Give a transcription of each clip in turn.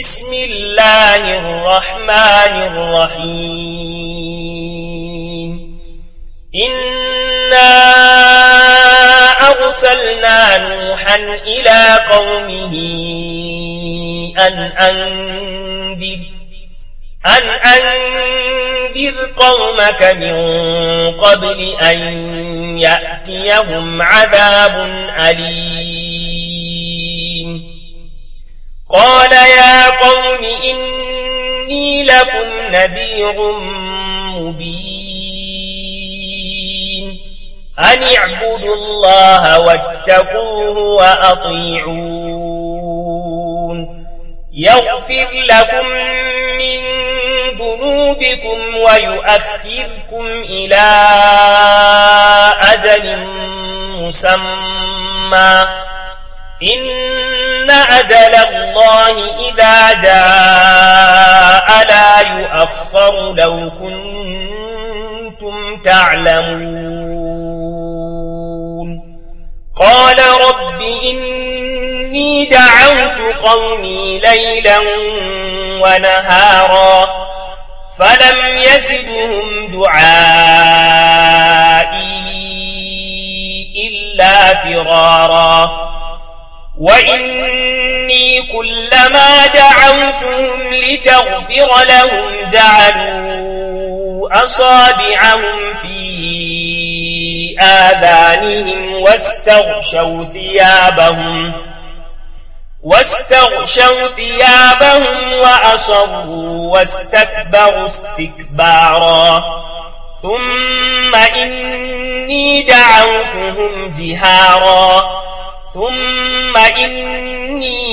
بسم الله الرحمن الرحيم إنا أرسلنا نوحا إلى قومه أن أنذر أن أنذر قومك من قبل أن يأتيهم عذاب أليم قال يا يا قوم إني لكم نذير مبين أن اعبدوا الله واتقوه وأطيعون يغفر لكم من ذنوبكم ويؤخركم إلى أجل مسمى إن أجل الله إذا جاء لا يؤخر لو كنتم تعلمون قال رب إني دعوت قومي ليلا ونهارا فلم يزدهم دعائي إلا فرارا وإني كلما دعوتهم لتغفر لهم جعلوا أصابعهم في آذانهم واستغشوا ثيابهم واستغشوا ثيابهم وأصروا واستكبروا استكبارا ثم إني دعوتهم جهارا وإني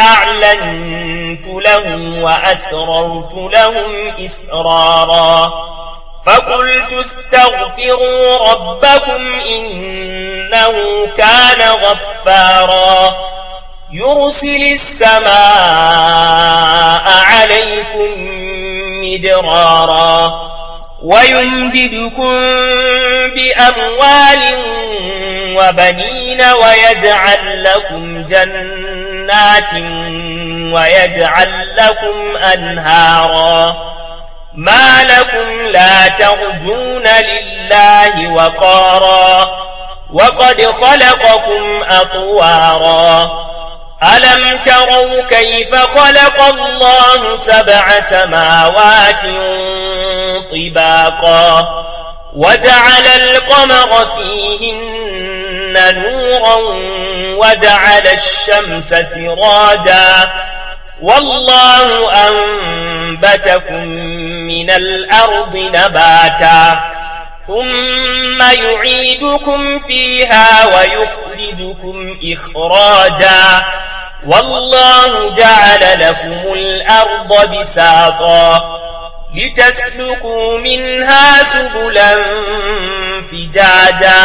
أعلنت لهم وأسررت لهم إسرارا فقلت استغفروا ربكم إنه كان غفارا يرسل السماء عليكم مدرارا ويمددكم بأموال وبنين تتقون ويجعل لكم جنات ويجعل لكم أنهارا ما لكم لا ترجون لله وقارا وقد خلقكم أطوارا ألم تروا كيف خلق الله سبع سماوات طباقا وجعل القمر فيهن نورا نورا وجعل الشمس سراجا والله أنبتكم من الأرض نباتا ثم يعيدكم فيها ويخرجكم إخراجا والله جعل لكم الأرض بساطا لتسلكوا منها سبلا فجاجا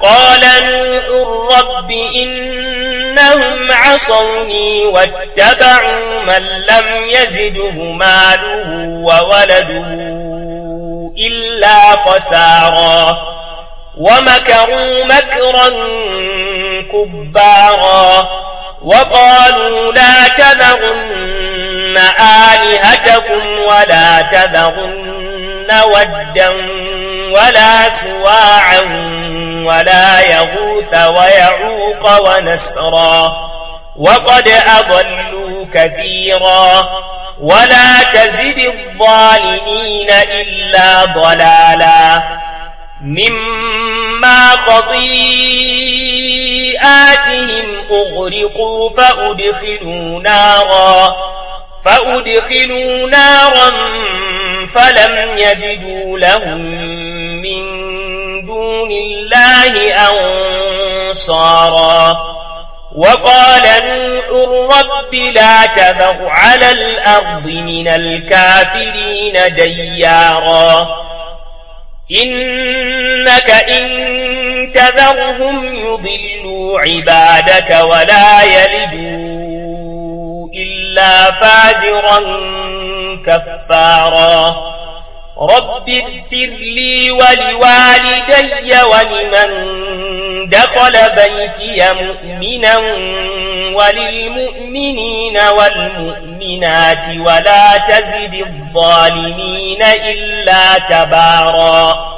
قال نوح رب إنهم عصوني واتبعوا من لم يزده ماله وولده إلا خسارا ومكروا مكرا كبارا وقالوا لا تذرن آلهتكم ولا تذرن ودا ولا سواعا ولا يغوث ويعوق ونسرا وقد أضلوا كثيرا ولا تزد الظالمين إلا ضلالا مما خطيئاتهم أغرقوا فأدخلوا نارا فأدخلوا نارا فلم يجدوا لهم دون الله أنصارا وقال نوح رب لا تذر على الأرض من الكافرين ديارا إنك إن تذرهم يضلوا عبادك ولا يلدوا إلا فاجرا كفارا رب اغفر لي ولوالدي ولمن دخل بيتي مؤمنا وللمؤمنين والمؤمنات ولا تزد الظالمين إلا تباراً